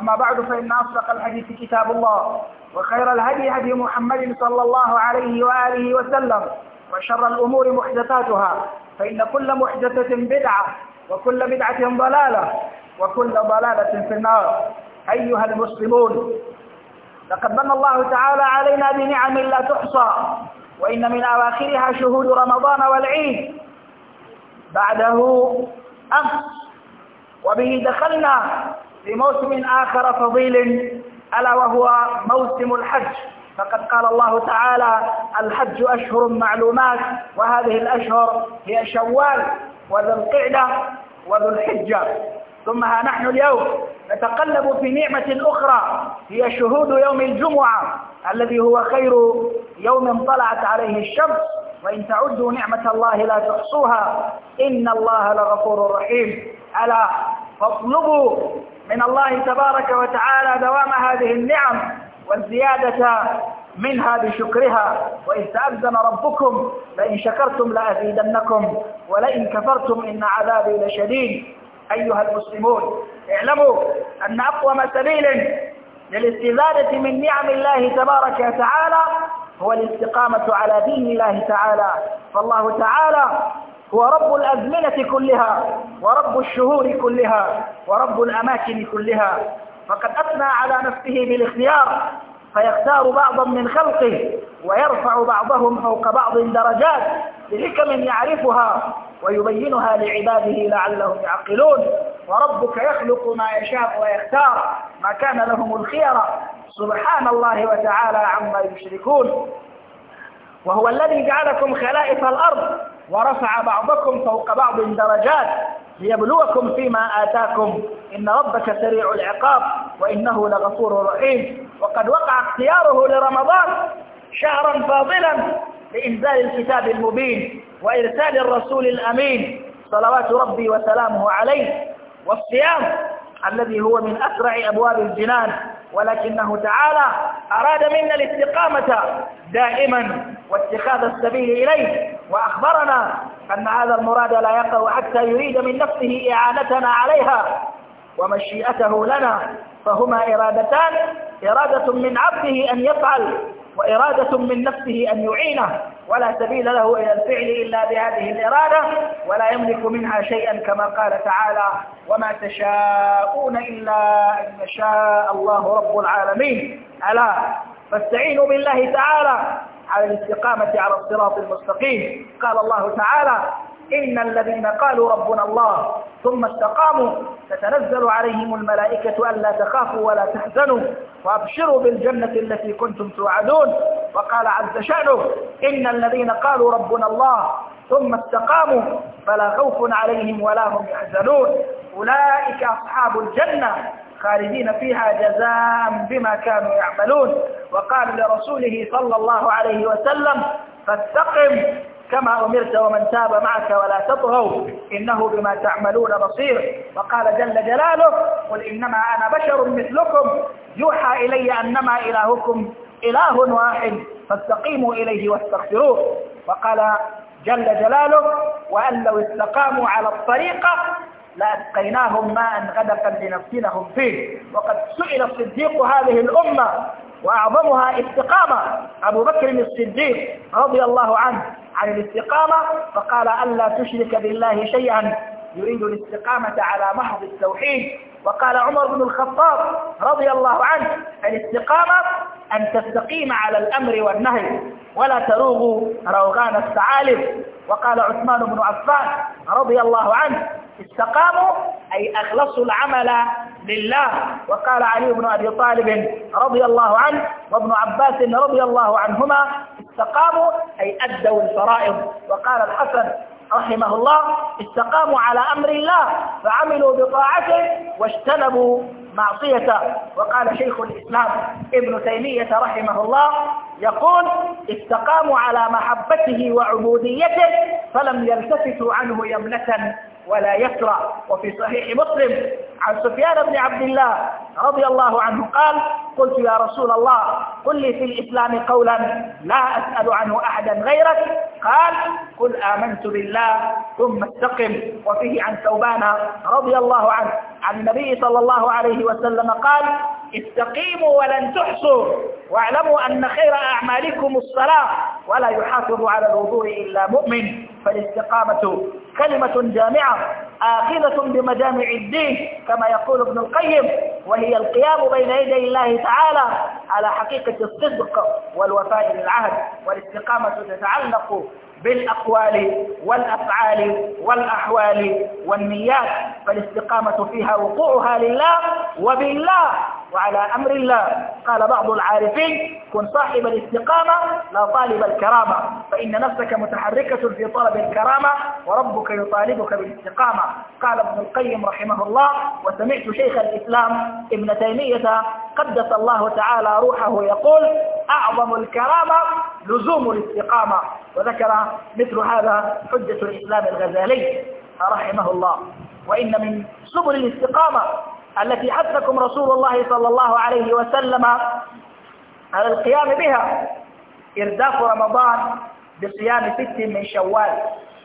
أما بعد فإن أصدق الحديث كتاب الله وخير الهدي هدي محمد صلى الله عليه وآله وسلم وشر الأمور محدثاتها فإن كل محدثة بدعة وكل بدعة ضلالة وكل ضلالة في النار أيها المسلمون لقد من الله تعالى علينا بنعم لا تحصى وإن من أواخرها شهود رمضان والعيد بعده أمس وبه دخلنا لموسم آخر فضيل ألا وهو موسم الحج فقد قال الله تعالى الحج أشهر معلومات وهذه الأشهر هي شوال وذو القعدة وذو الحجة ثم ها نحن اليوم نتقلب في نعمة أخرى هي شهود يوم الجمعة الذي هو خير يوم طلعت عليه الشمس وإن تعدوا نعمة الله لا تحصوها إن الله لغفور رحيم ألا فاطلبوا من الله تبارك وتعالى دوام هذه النعم والزيادة منها بشكرها وإذ تأذن ربكم لئن شكرتم لأزيدنكم ولئن كفرتم إن عذابي لشديد أيها المسلمون اعلموا أن أقوم سبيل للاستزادة من نعم الله تبارك وتعالى هو الاستقامة على دين الله تعالى فالله تعالى هو رب الأزمنة كلها ورب الشهور كلها ورب الأماكن كلها فقد أثنى على نفسه بالاختيار فيختار بعضا من خلقه ويرفع بعضهم فوق بعض درجات بحكم يعرفها ويبينها لعباده لعلهم يعقلون وربك يخلق ما يشاء ويختار ما كان لهم الخيرة سبحان الله وتعالى عما يشركون وهو الذي جعلكم خلائف الأرض ورفع بعضكم فوق بعض درجات ليبلوكم فيما آتاكم إن ربك سريع العقاب وإنه لغفور رحيم وقد وقع اختياره لرمضان شهرا فاضلا لإنزال الكتاب المبين وإرسال الرسول الأمين صلوات ربي وسلامه عليه والصيام الذي هو من أسرع أبواب الجنان ولكنه تعالى أراد منا الاستقامة دائما واتخاذ السبيل إليه وأخبرنا أن هذا المراد لا يقع حتى يريد من نفسه إعانتنا عليها ومشيئته لنا فهما إرادتان إرادة من عبده أن يفعل وإرادة من نفسه أن يعينه ولا سبيل له إلى الفعل إلا بهذه الإرادة ولا يملك منها شيئا كما قال تعالى وما تشاءون إلا أن يشاء الله رب العالمين ألا فاستعينوا بالله تعالى على الاستقامة على الصراط المستقيم قال الله تعالى إن الذين قالوا ربنا الله ثم استقاموا تتنزل عليهم الملائكة ألا تخافوا ولا تحزنوا وأبشروا بالجنة التي كنتم توعدون وقال عز شأنه إن الذين قالوا ربنا الله ثم استقاموا فلا خوف عليهم ولا هم يحزنون أولئك أصحاب الجنة خالدين فيها جزاء بما كانوا يعملون وقال لرسوله صلى الله عليه وسلم فاستقم كما أمرت ومن تاب معك ولا تطغوا إنه بما تعملون بصير وقال جل جلاله قل إنما أنا بشر مثلكم يوحى إلي أنما إلهكم إله واحد فاستقيموا إليه واستغفروه وقال جل جلاله وأن لو استقاموا على الطريقة لأسقيناهم ماء غدقا لنفسنهم فيه وقد سئل الصديق هذه الأمة وأعظمها استقامة أبو بكر الصديق رضي الله عنه عن الاستقامة فقال ألا تشرك بالله شيئا يريد الاستقامة على محض التوحيد وقال عمر بن الخطاب رضي الله عنه الاستقامة أن تستقيم على الأمر والنهي ولا تروغ روغان الثعالب وقال عثمان بن عفان رضي الله عنه استقاموا أي أخلصوا العمل لله وقال علي بن أبي طالب رضي الله عنه وابن عباس رضي الله عنهما استقاموا أي أدوا الفرائض وقال الحسن رحمه الله استقاموا على أمر الله فعملوا بطاعته واجتنبوا معصيته وقال شيخ الإسلام ابن تيمية رحمه الله يقول استقاموا على محبته وعبوديته فلم يلتفتوا عنه يمنة ولا يكره وفي صحيح مسلم عن سفيان بن عبد الله رضي الله عنه قال قلت يا رسول الله قل لي في الإسلام قولا لا أسأل عنه أحدا غيرك قال قل آمنت بالله ثم استقم وفيه عن ثوبان رضي الله عنه عن النبي صلى الله عليه وسلم قال استقيموا ولن تحصوا واعلموا أن خير أعمالكم الصلاة ولا يحافظ على الوضوء إلا مؤمن فالاستقامة كلمة جامعة آخذة بمجامع الدين كما يقول ابن القيم وهي القيام بين يدي الله تعالى على حقيقة الصدق والوفاء للعهد والاستقامة تتعلق بالأقوال والأفعال والأحوال والنيات فالاستقامة فيها وقوعها لله وبالله وعلى أمر الله قال بعض العارفين كن صاحب الاستقامة لا طالب الكرامة فإن نفسك متحركة في طلب الكرامة وربك يطالبك بالاستقامة قال ابن القيم رحمه الله وسمعت شيخ الإسلام ابن تيمية قدس الله تعالى روحه يقول أعظم الكرامة لزوم الاستقامة وذكر مثل هذا حجة الإسلام الغزالي رحمه الله وإن من سبل الاستقامة التي حثكم رسول الله صلى الله عليه وسلم على القيام بها إرداف رمضان بصيام ست من شوال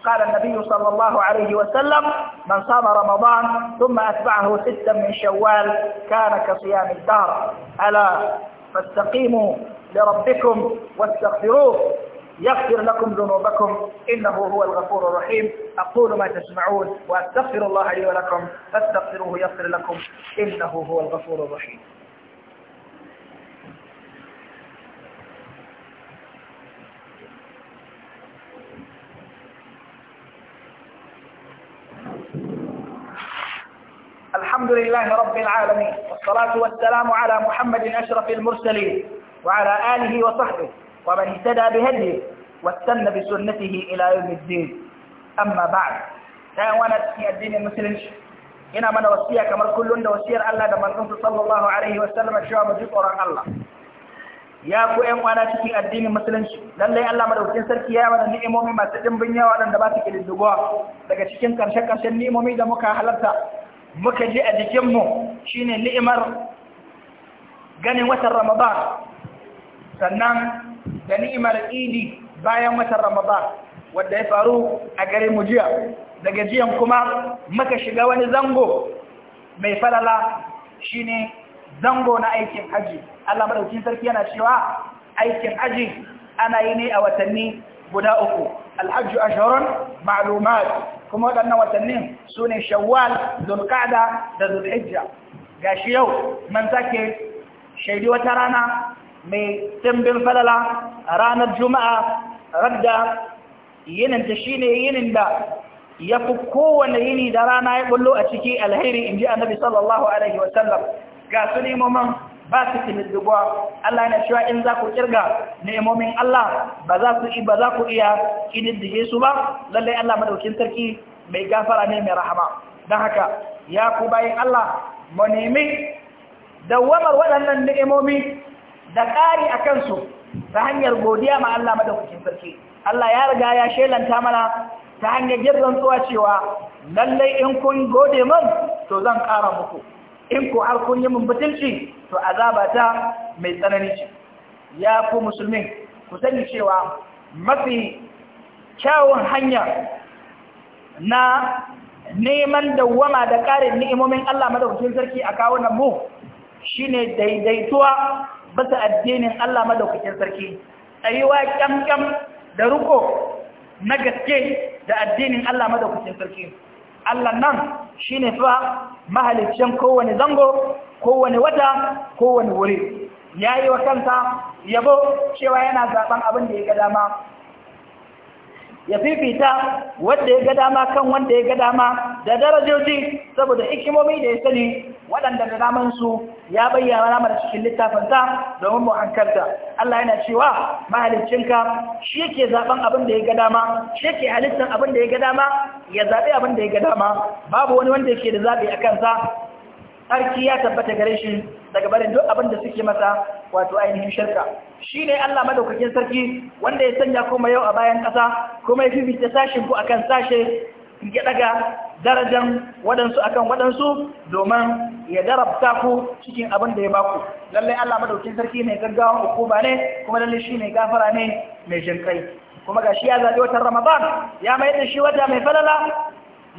قال النبي صلى الله عليه وسلم من صام رمضان ثم أتبعه ستا من شوال كان كصيام الدهر ألا فاستقيموا لربكم واستغفروه يغفر لكم ذنوبكم إنه هو الغفور الرحيم أقول ما تسمعون وأستغفر الله لي ولكم فاستغفروه يغفر لكم إنه هو الغفور الرحيم الحمد لله رب العالمين والصلاة والسلام على محمد أشرف المرسلين وعلى آله وصحبه ومن اهتدى بهديه واستنى بسنته إلى يوم الدين أما بعد ɗayan wani cikin addinin musulunci yana mana wasiya kamar kullum da wasiyar Allah da manzonsa sallallahu alaihi wa sallam cewa mu ji tsoron Allah ya ku ƴan wana cikin addinin musulunci lallai Allah madaukakin sarki ya mana ni'imomi masu dimbin yawa waɗanda ba su kididdigowa daga cikin karshe karshen ni'imomi da muka halarta muka ji a jikinmu shine ni'imar ganin watan Ramadan sannan da ni'imar idi bayan watan ramadan wadda ya faru a gare mu jiya daga jiyan kuma maka shiga wani zango mai falala shine zango na aikin haji Allah madaukakin sarki yana cewa aikin haji ana yi ne a watanni guda uku alhajju ashhurun ma'lumat kuma waɗannan watannin sune shawwal zulqa'da da zulhijja shi yau man take shaidi wata rana mai tambin falala ranar juma'a radda yininta shi ne yinin da ya fi kowane yini da rana ya bullo a ciki alheri in ji annabi sallallahu alaihi wasallam ga su nemomin ba su kinidduwa Allah na cewa in za ku kirga nemomin Allah ba za ku iya kididdige su ba lallai Allah madaukin sarki mai gafara ne mai rahama don haka ya ku bayan Allah mu nemi dawamar waɗannan ni'imomi da ƙari a kansu ta hanyar godiya ma Allah madaukakin sarki Allah ya riga ya shelanta mana ta hanyar girran tsuwa cewa lallai in kun gode min to zan ƙara muku in ku har kun yi min butulci to azaba ta mai tsanani ce ya ku musulmi ku sani cewa mafi kyawun hanya na neman dawwama da ƙarin ni'imomin Allah madaukakin sarki a kawunan mu shine daidaituwa bisa addinin Allah madaukakin sarki tsayuwa kyamkyam da ruko na gaske da addinin Allah madaukakin sarki Allah nan shine fa mahalicin kowane zango kowane wata kowane wuri yayi wa kansa yabo cewa yana zaben abin da ya ga dama ya fifita wanda ya ga dama kan wanda ya ga dama da darajoji saboda hikimomi da ya sani waɗanda da su ya bayyana da cikin ta domin mu hankalta Allah yana cewa mahaliccinka shi ke zaben abin da ya ga dama shi ke halittar abin da ya ga dama ya zabe abin da ya ga dama babu wani wanda yake da zaɓi a kansa tsarki ya tabbata gare shi daga barin duk abin da suke masa wato ainihin shirka shi ne Allah madaukakin sarki wanda ya sanya kuma yau a bayan ƙasa kuma ya fifita sashin ku akan sashe ya daga darajan waɗansu akan waɗansu domin ya darabta ku cikin abin da ya baku lallai Allah madaukakin sarki ne gaggawan hukuma ne kuma lallai shi ne gafara ne mai kai kuma ga shi ya zaɓi watan Ramadan ya mai da shi wata mai falala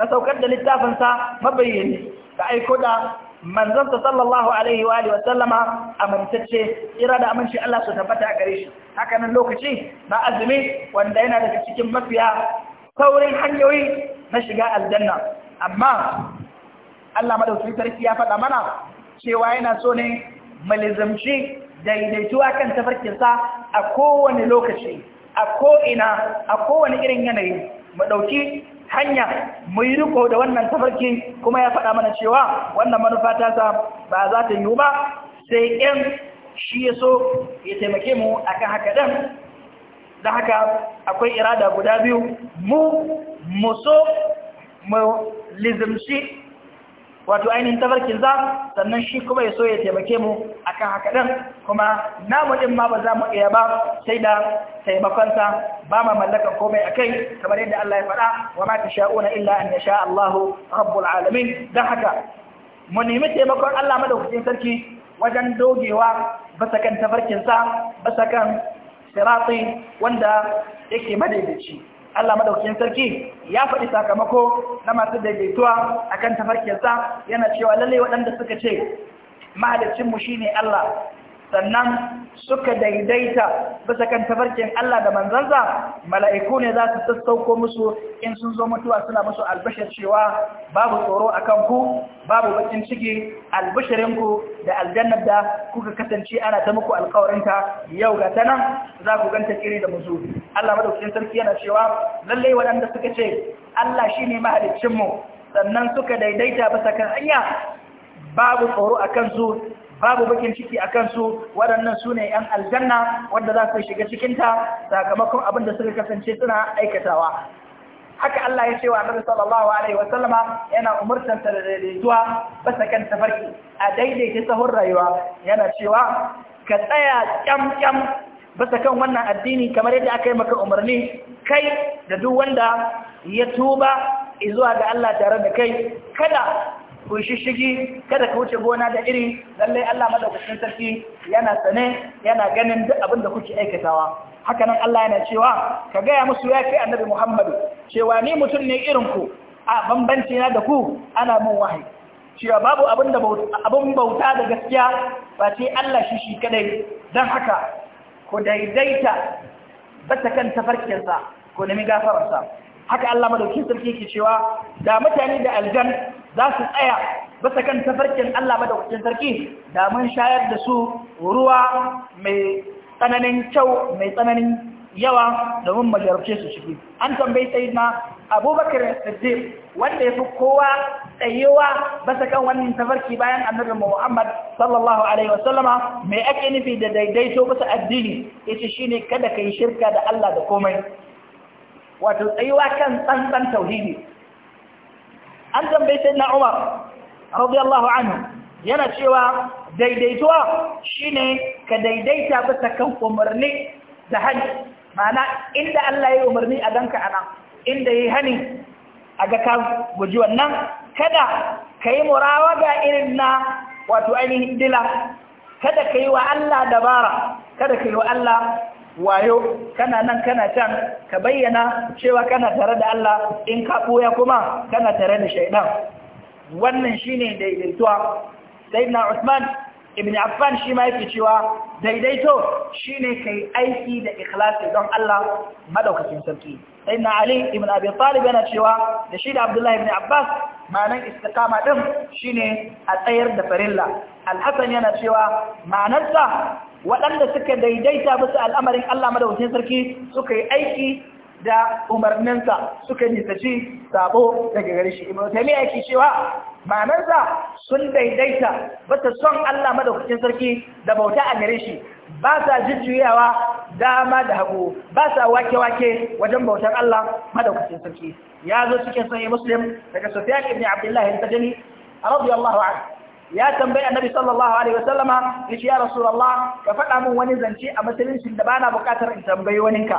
na saukar da littafinsa mabayyani ka aiko da manzansa sallallahu alaihi wa alihi wasallama amintacce kira da aminci Allah su tabbata a gare shi haka nan lokaci na azumi wanda yana daga cikin mafiya saurin hanyoyi na shiga aljanna amma Allah madaukakin sarki ya faɗa mana cewa yana so ne malizamci daidaituwa kan tafarkinsa a kowane lokaci a ko'ina a kowane irin yanayi mu ɗauki hanya mu yi riko da wannan tafarki kuma ya faɗa mana cewa wannan manufa ta sa ba za ta yiwu ba sai in shi ya so ya taimake mu akan haka ɗan, da haka akwai irada guda biyu mu mu so mu lizimci wato ainihin tafarkin za sannan shi kuma ya so ya taimake mu akan haka ɗin kuma namu ɗin ma ba za mu iya ba sai da taimakonsa ba ma mallakan komai a kai kamar yadda Allah ya faɗa wa ma sha'una illa an yasha Allahu rabbul alamin dan haka mu nemi taimakon Allah madaukakin sarki wajen dogewa bisa kan tafarkin sa bisa kan sirati wanda yake madaidaici Allah madaukakin sarki ya faɗi sakamako na masu daidaituwa akan tafarkiyarsa yana cewa lalle waɗanda suka ce shi shine Allah sannan suka daidaita bisa kan tabarkin Allah da manzansa mala'iku ne za su sassauko musu in sun zo mutuwa suna musu albashir cewa babu tsoro a kanku babu bakin ciki albashirinku da aljannar da kuka kasance ana ta muku alkawarinta yau ga ta nan za ku ganta kiri da musu Allah madaukakin sarki yana cewa lallai waɗanda suka ce Allah shi ne mahaliccinmu sannan suka daidaita bisa kan hanya babu tsoro a kansu babu bakin ciki a kansu waɗannan su ne ‘yan aljanna wanda za su shiga cikinta sakamakon abin da suka kasance suna aikatawa haka Allah ya ce wa Annabi sallallahu alaihi wa sallama yana umurtar ta da daidaituwa basa kan tafarki a daidaita sahun rayuwa yana cewa ka tsaya kyam kyam basa kan wannan addini kamar yadda aka yi maka umarni kai da duk wanda ya tuba zuwa ga Allah tare da kai kada ku shishigi kada ka wuce gona da iri lallai Allah madaukakin sarki yana sane yana ganin duk abin da kuke aikatawa haka nan Allah yana cewa ka gaya musu ya kai annabi muhammad cewa ni mutum ne irin ku a bambanci na da ku ana mun wahayi cewa babu abin da abin bauta da gaskiya ba ce Allah shi shi kadai dan haka ku daidaita bata kan tafarkinsa ku nemi gafararsa haka Allah madaukakin sarki ke cewa da mutane da aljan za su tsaya basa kan tafarkin Allah ba da kucin sarki da shayar da su ruwa mai tsananin kyau mai tsananin yawa domin majarabce su shigi an tambayi sai na abubakar siddiq wanda ya fi kowa tsayewa basa kan wannan tafarki bayan annabi muhammad sallallahu alaihi wasallama mai ake nufi da daidaito basa addini shi shine kada ka yi shirka da Allah da komai wato tsayuwa kan tsantsan tauhidi an tambayi sai na umar radiyallahu anhu yana cewa daidaituwa shine ka daidaita bisa kan umarni da hani ma'ana inda Allah ya umarni a ganka ana inda yi hani a ga ka guji wannan kada ka yi murawaga irin na wato ainihin dila kada ka yi wa Allah dabara kada ka yi wa Allah wayo kana nan kana can ka bayyana cewa kana tare da Allah in ka kuma kana tare da shaidan wannan shine daidaituwa sayyidina Usman ibn Affan shi ma yake cewa daidaito shine kai aiki da ikhlasi don Allah madaukakin sarki sayyidina Ali ibn Abi Talib yana cewa da shi da Abdullah ibn Abbas ma'anar istiqama din shine a tsayar da farilla Alhassan yana cewa ma'anarsa waɗanda suka daidaita musu al'amarin Allah madawacin sarki suka yi aiki da umarninsa suka nisaci sabo daga gari shi ibn taymiya yake cewa manansa sun daidaita ta son Allah madawacin sarki da bauta a gare shi ba sa jujjuyawa dama da hagu ba sa wake-wake wajen bautar Allah maɗaukacin sarki ya zo cikin sahih muslim daga sufyan ibn abdullah a bajali yallahu ya tambayi annabi sallallahu alaihi wasallama yace ya rasulullah ka faɗa min wani zance a musulunci da bana buƙatar in tambayi waninka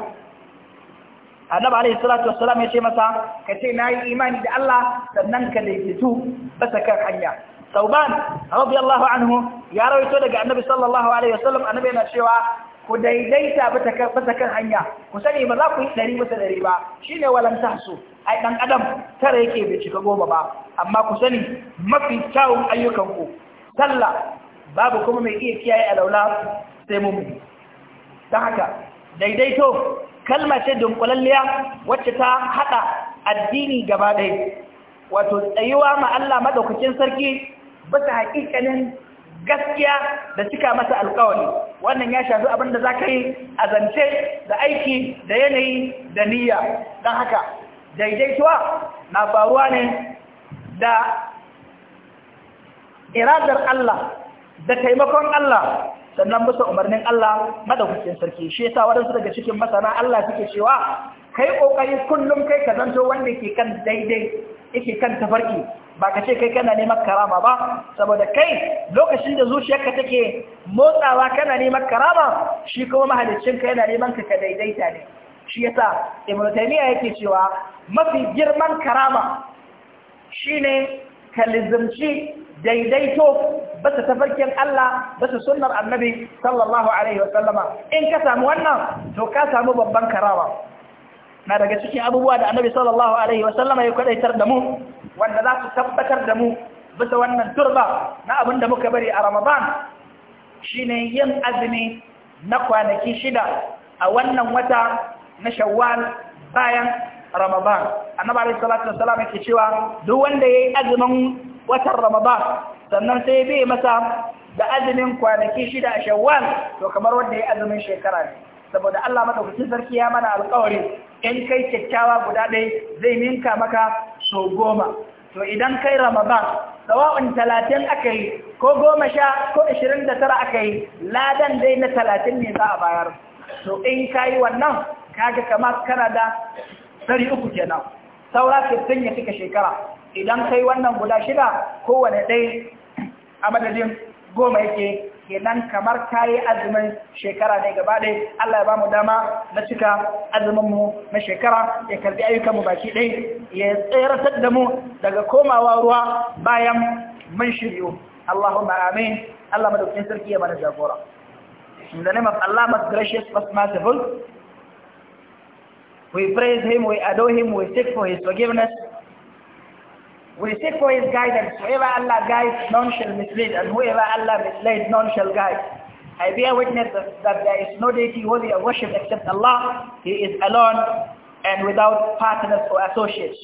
annabi alaihi salatu wassalam yace masa ka ce nayi imani da Allah sannan ka laifitu basa kan hanya sauban radiyallahu anhu ya rawaito daga annabi sallallahu alaihi wasallam annabi yana cewa ku daidaita bata kan hanya ku sani ba za ku yi ɗari bisa dari ba shi ne walan tahsu ai ɗan adam tara yake bai cika goma ba amma ku sani mafi kyawun ayyukanku sallah babu kuma mai iya kiyaye alaula sai mu ta haka daidaito kalma ce dunkulalliya wacce ta hada addini gaba ɗaya wato tsayuwa ma Allah madaukakin sarki bisa haƙiƙanin gaskiya da cika masa alƙawari wannan ya shafi abin da za ka yi a zance da aiki da yanayi da niyya don haka daidaituwa na faruwa ne da iradar Allah da taimakon Allah sannan musu umarnin Allah madaukakin sarki shi yasa waɗansu daga cikin masana Allah suke cewa kai kokari kullum kai ka zanto wanda ke kan daidai yake kan tafarki ba ka ce kai kana neman karama ba saboda kai lokacin da zuciyarka take motsawa kana neman karama shi kuma mahaliccin ka yana neman ka daidaita ne shi yasa ibnu taymiya yake cewa mafi girman karama shine lizimci daidaito basu tafarkin Allah basu sunnar annabi sallallahu alaihi sallama. in ka samu wannan to ka samu babban karawa na daga cikin abubuwa da annabi sallallahu alaihi wasallama ya kwadaitar da mu wanda za su tabbatar da mu bisa wannan turba na abin da muka bari a ramadan shine yin azumi na kwanaki shida a wannan wata na shawwal bayan Ramadan annabi alaihi salatu wassalam yake cewa duk wanda yayi azumin watan Ramadan sannan sai bai masa da azumin kwanaki shida a Shawwal to kamar wanda yayi azumin shekara ne saboda Allah madaukakin sarki ya mana alƙawari in kai kyakkyawa guda ɗaya zai ninka maka so goma to idan kai Ramadan sawa'un talatin aka ko goma sha ko ashirin da tara aka ladan dai na talatin ne za a bayar to in ka wannan kaga kamar kana da Sari uku kenan saura sittin ya cika shekara idan kai wannan guda shida kowane ɗai, a madadin goma yake kenan kamar kayi azumin shekara ne gaba ɗaya Allah ya ba mu dama na cika azuminmu na shekara ya karbi ayyukanmu baki ɗaya ya tseratar da mu daga komawa ruwa bayan mun shiryu Allahumma amin Allah madaukin sarki ya mana jagora in the name of Allah most gracious most merciful We praise him, we adore him, we seek for his forgiveness. We seek for his guidance. Whoever Allah guides, none shall mislead, and whoever Allah misleads, none shall guide. I bear witness that there is no deity worthy of worship except Allah. He is alone and without partners or associates.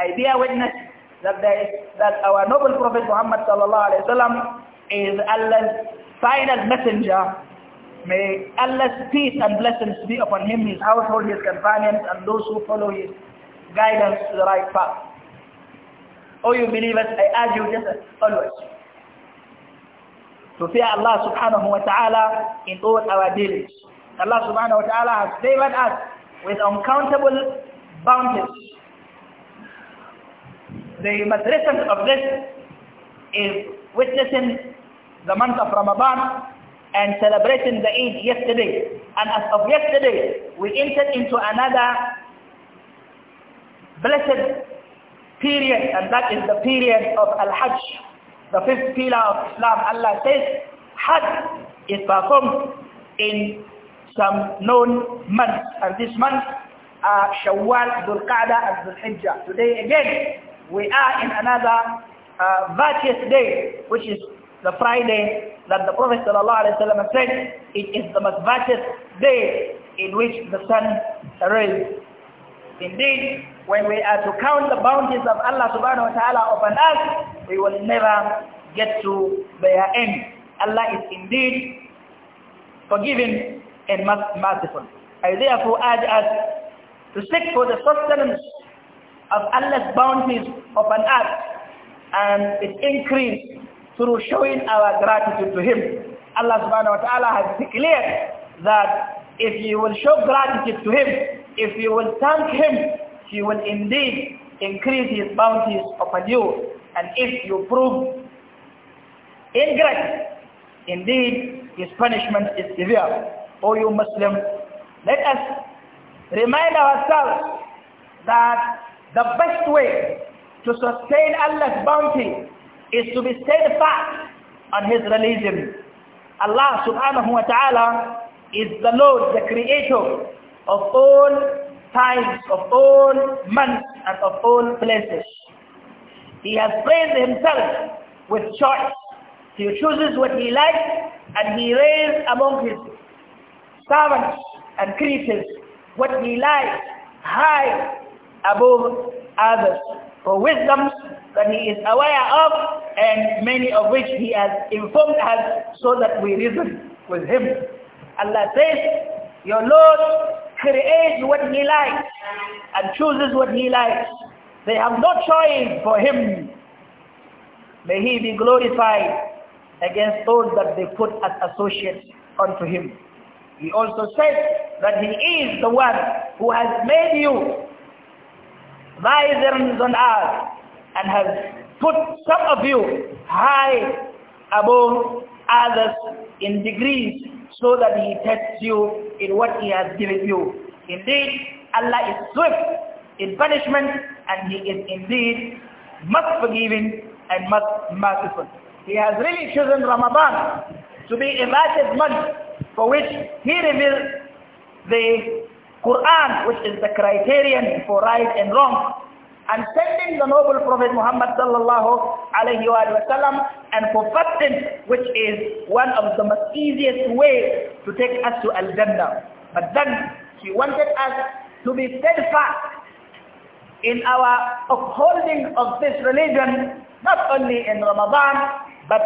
I bear witness that, there is, that our noble Prophet Muhammad sallallahu alayhi wa sallam is Allah's final messenger May Allah's peace and blessings be upon him, his household, his companions, and those who follow his guidance to the right path. O oh, you believers, I urge you just as always to fear Allah subhanahu wa ta'ala in all our dealings. Allah subhanahu wa ta'ala has favored us with uncountable bounties. The magnificence of this is witnessing the month of Ramadan and celebrating the Eid yesterday. And as of yesterday, we entered into another blessed period, and that is the period of Al-Hajj, the fifth pillar of Islam. Allah says, Hajj is performed in some known months, and this month, are uh, Shawwal, Dhul Qa'dah, and Dhul Hijjah. Today again, we are in another uh, virtuous day, which is the Friday that the Prophet ﷺ said, it is the most blessed day in which the sun rises. Indeed, when we are to count the bounties of Allah subhanahu wa ta'ala upon us, we will never get to their end. Allah is indeed forgiving and merciful. I therefore urge us to seek for the sustenance of Allah's bounties upon us and its increase through showing our gratitude to him. Allah subhanahu wa ta'ala has declared that if you will show gratitude to him, if you will thank him, he will indeed increase his bounties upon you. And if you prove ingratitude, indeed his punishment is severe. O you Muslim, let us remind ourselves that the best way to sustain Allah's bounty is to be steadfast on his religion. Allah subhanahu wa ta'ala is the Lord, the creator of all times, of all months and of all places. He has praised himself with choice. He chooses what he likes and he reigns among his servants and creatures what he likes high above others. For wisdom that he is aware of and many of which he has informed us so that we reason with him. Allah says, your Lord creates what he likes and chooses what he likes. They have no choice for him. May he be glorified against those that they put as associates unto him. He also says that he is the one who has made you thy on earth and has put some of you high above others in degrees so that he tests you in what he has given you. Indeed, Allah is swift in punishment and he is indeed most forgiving and most merciful. He has really chosen Ramadan to be a blessed month for which he reveals the Quran, which is the criterion for right and wrong, and sending the noble Prophet Muhammad sallallahu alayhi wa sallam and perfecting which is one of the most easiest way to take us to Al-Jannah. But then he wanted us to be steadfast in our upholding of this religion, not only in Ramadan, but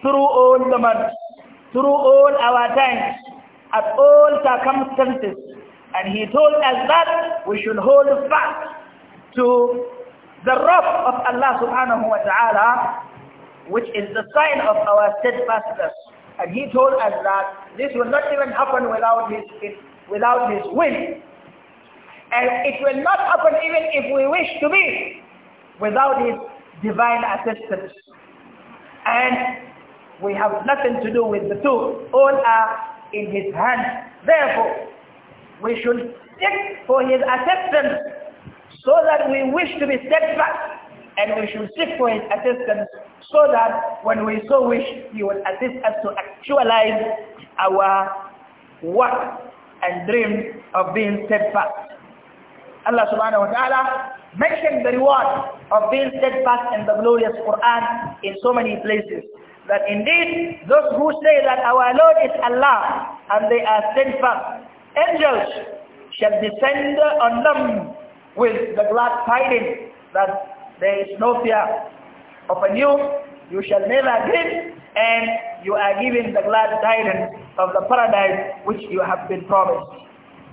through all the months, through all our times, at all circumstances. And he told us that we should hold fast to the rob of Allah subhanahu wa ta'ala, which is the sign of our steadfastness. And he told us that this will not even happen without his, without his will. And it will not happen even if we wish to be without his divine assistance. And we have nothing to do with the two. All are in his hand. Therefore, we should seek for his assistance so that we wish to be steadfast and we should seek for his assistance so that when we so wish he will assist us to actualize our work and dream of being steadfast. Allah subhanahu wa ta'ala mentioned the reward of being steadfast in the glorious Quran in so many places. That indeed those who say that our Lord is Allah and they are steadfast, angels shall descend on them with the glad tidings that there is no fear upon you, you shall never grieve, and you are given the glad tidings of the paradise which you have been promised.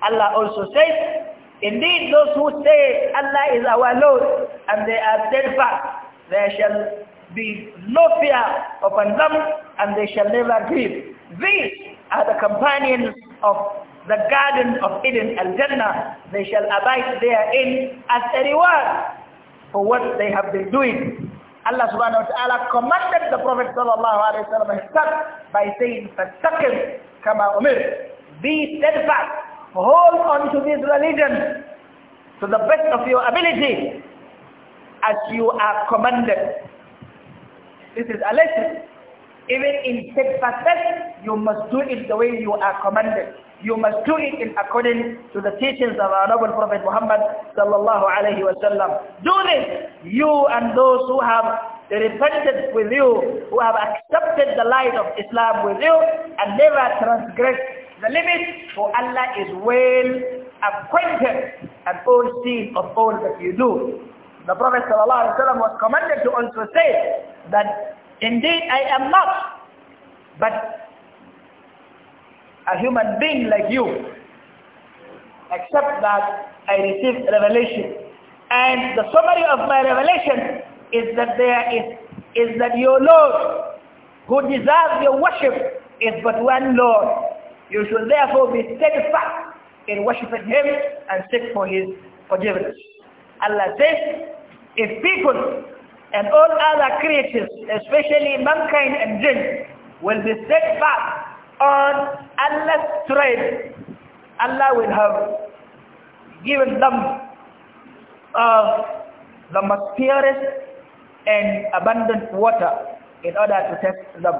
Allah also says, Indeed, those who say Allah is our Lord and they are steadfast, there shall be no fear upon them and they shall never grieve. These are the companions of the garden of Eden, Al-Jannah. They shall abide therein as a reward for what they have been doing. Allah subhanahu wa ta'ala commanded the Prophet sallallahu alayhi wa sallam by saying, فَاتَّقِمْ كَمَا أُمِرْ Be steadfast, hold on to this religion to the best of your ability as you are commanded. This is a lesson even in steadfastness, you must do it the way you are commanded. You must do it in according to the teachings of our noble Prophet Muhammad sallallahu alayhi wa sallam. Do this, you and those who have repented with you, who have accepted the light of Islam with you, and never transgressed the limit, for Allah is well acquainted and all seen of all that you do. The Prophet sallallahu wasallam was commanded to also say that Indeed, I am not, but a human being like you, except that I received revelation. And the summary of my revelation is that there is, is that your Lord, who deserves your worship, is but one Lord. You should therefore be steadfast in worshiping Him and seek for His forgiveness. Allah says, if people and all other creatures, especially mankind and jinn, will be set back on Allah's trade. Allah will have given them of the most purest and abundant water in order to test them.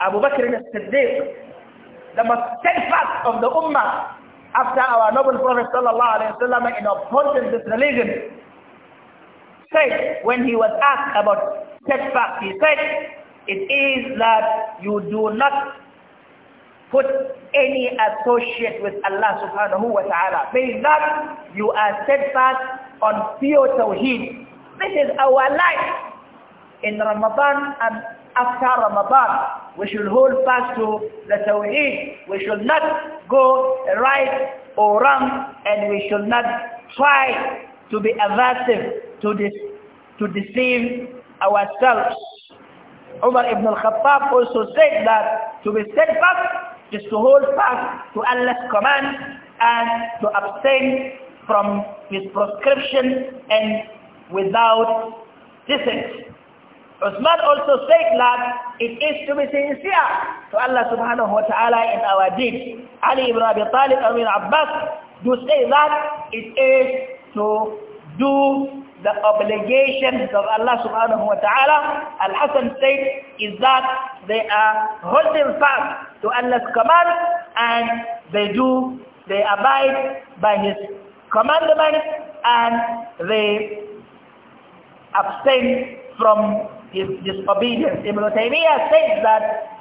Abu Bakr al siddiq the most steadfast of the Ummah after our noble Prophet sallallahu alaihi wasallam in upholding this religion said when he was asked about setback, he said, it is that you do not put any associate with Allah subhanahu wa ta'ala. Meaning that you are steadfast on pure tawheed. This is our life in Ramadan and after Ramadan. We should hold fast to the tawheed. We should not go right or wrong and we should not try to be evasive to, de to deceive ourselves. Umar ibn al-Khattab also said that to be steadfast is to hold fast to Allah's command and to abstain from his prescription and without dissent. Usman also said that it is to be sincere to Allah subhanahu wa ta'ala in our deeds. Ali ibn Abi Talib and Abbas do say that it is to do the obligations of Allah subhanahu wa ta'ala, Al-Hasan said, is that they are holding fast to Allah's command and they do, they abide by His commandment and they abstain from His disobedience. Ibn Taymiyyah says that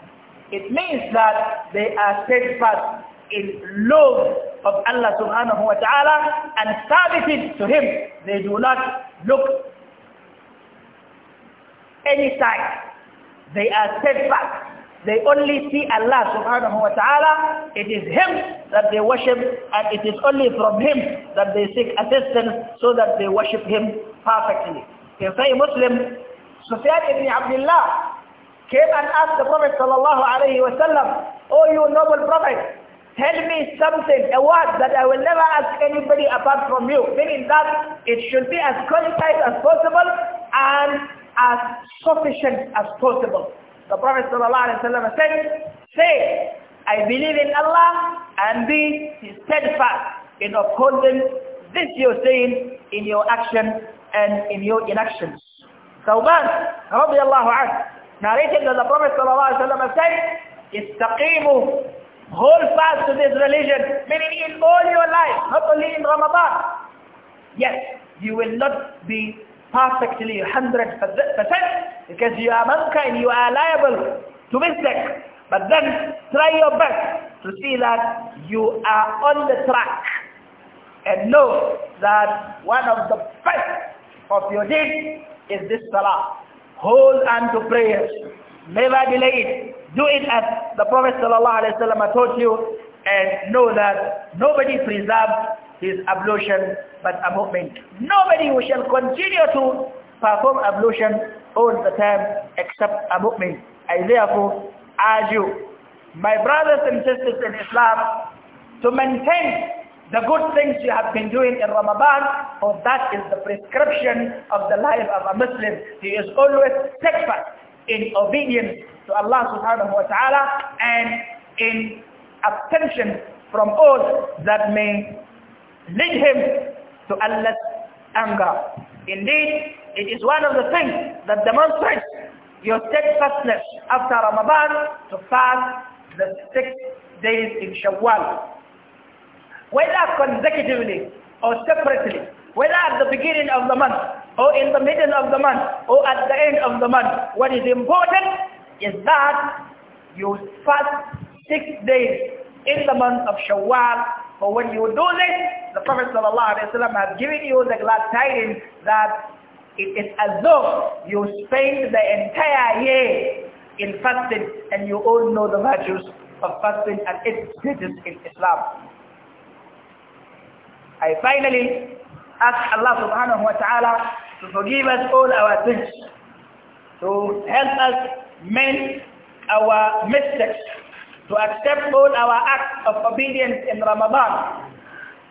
it means that they are steadfast in love of Allah subhanahu wa ta'ala and serve it to him. They do not look any side. They are steadfast. They only see Allah subhanahu wa ta'ala. It is him that they worship and it is only from him that they seek assistance so that they worship him perfectly. In Sahih Muslim, Sufyan ibn Abdullah came and asked the Prophet sallallahu alayhi wa sallam, Oh you noble Prophet, Tell me something, a word that I will never ask anybody apart from you, meaning that it should be as qualified as possible and as sufficient as possible. The Prophet said, Say, I believe in Allah and be steadfast in upholding this you are saying in your action and in your inactions. Thawban, radiallahu anhu, narrated that the Prophet ﷺ said, استقيموا Hold fast to this religion, meaning in all your life, not only in Ramadan. Yes, you will not be perfectly 100% because you are mankind, you are liable to mistake. But then try your best to see that you are on the track and know that one of the best of your deeds is this salah. Hold on to prayers. Never delay it. Do it as the Prophet ﷺ taught you and know that nobody preserves his ablution but a mu'min. Nobody who shall continue to perform ablution all the time except a mu'min. I therefore urge you, my brothers and sisters in Islam, to maintain the good things you have been doing in Ramadan, for that is the prescription of the life of a Muslim. He is always steadfast in obedience to Allah subhanahu wa ta'ala and in abstention from all that may lead him to Allah's anger. Indeed, it is one of the things that demonstrates your steadfastness after Ramadan to fast the six days in Shawwal. Whether consecutively or separately, whether at the beginning of the month or oh, in the middle of the month or oh, at the end of the month. What is important is that you fast six days in the month of Shawwal. For when you do this, the Prophet ﷺ has given you the glad tidings that it is as though you spend the entire year in fasting and you all know the virtues of fasting and its duties in Islam. I finally ask Allah subhanahu wa ta'ala to forgive us all our sins, to help us mend our mistakes, to accept all our acts of obedience in Ramadan,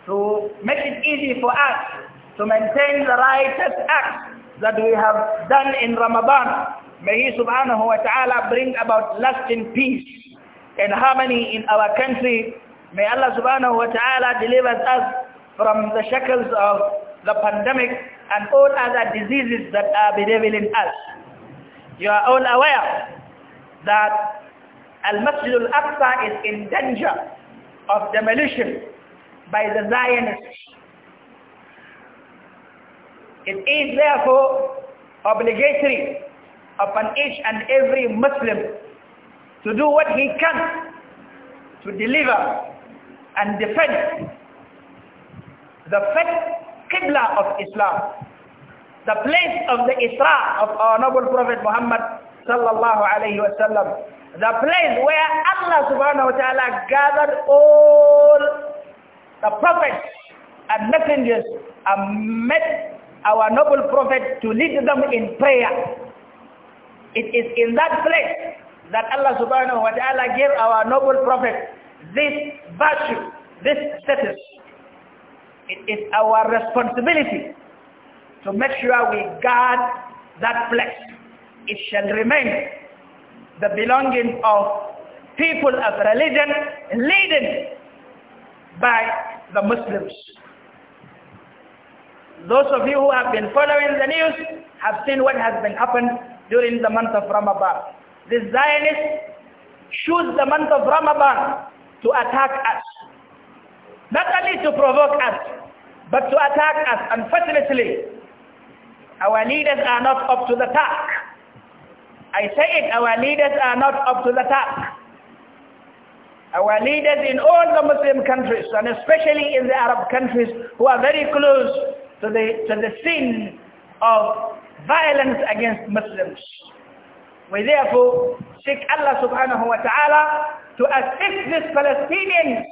to make it easy for us to maintain the righteous acts that we have done in Ramadan. May He subhanahu wa ta'ala bring about lasting peace and harmony in our country. May Allah subhanahu wa ta'ala deliver us from the shackles of the pandemic and all other diseases that are bedeviling us. You are all aware that Al-Masjid Al-Aqsa is in danger of demolition by the Zionists. It is therefore obligatory upon each and every Muslim to do what he can to deliver and defend the Qibla of Islam, the place of the Isra of our noble Prophet Muhammad sallallahu alayhi wasallam, the place where Allah subhanahu wa ta'ala gathered all the prophets and messengers and met our noble prophet to lead them in prayer. It is in that place that Allah subhanahu wa ta'ala gave our noble prophet this virtue, this status. It is our responsibility to make sure we guard that place. It shall remain the belonging of people of religion leading by the Muslims. Those of you who have been following the news have seen what has been happened during the month of Ramadan. The Zionists choose the month of Ramadan to attack us. Not only to provoke us, but to attack us. Unfortunately, our leaders are not up to the task. I say it, our leaders are not up to the task. Our leaders in all the Muslim countries, and especially in the Arab countries, who are very close to the, to the sin of violence against Muslims. We therefore seek Allah subhanahu wa ta'ala to assist these Palestinians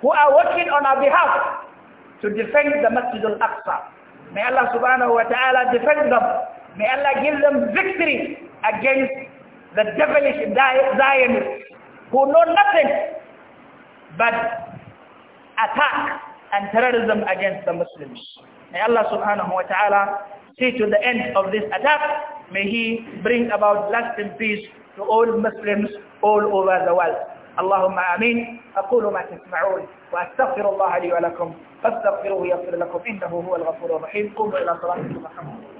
who are working on our behalf to defend the Masjid al-Aqsa. May Allah subhanahu wa ta'ala defend them. May Allah give them victory against the devilish Zionists who know nothing but attack and terrorism against the Muslims. May Allah subhanahu wa ta'ala see to the end of this attack. May He bring about lasting peace to all Muslims all over the world. اللهم آمين أقول ما تسمعون وأستغفر الله لي ولكم فاستغفروه يغفر لكم إنه هو الغفور الرحيم قم إلى صلاتكم محمد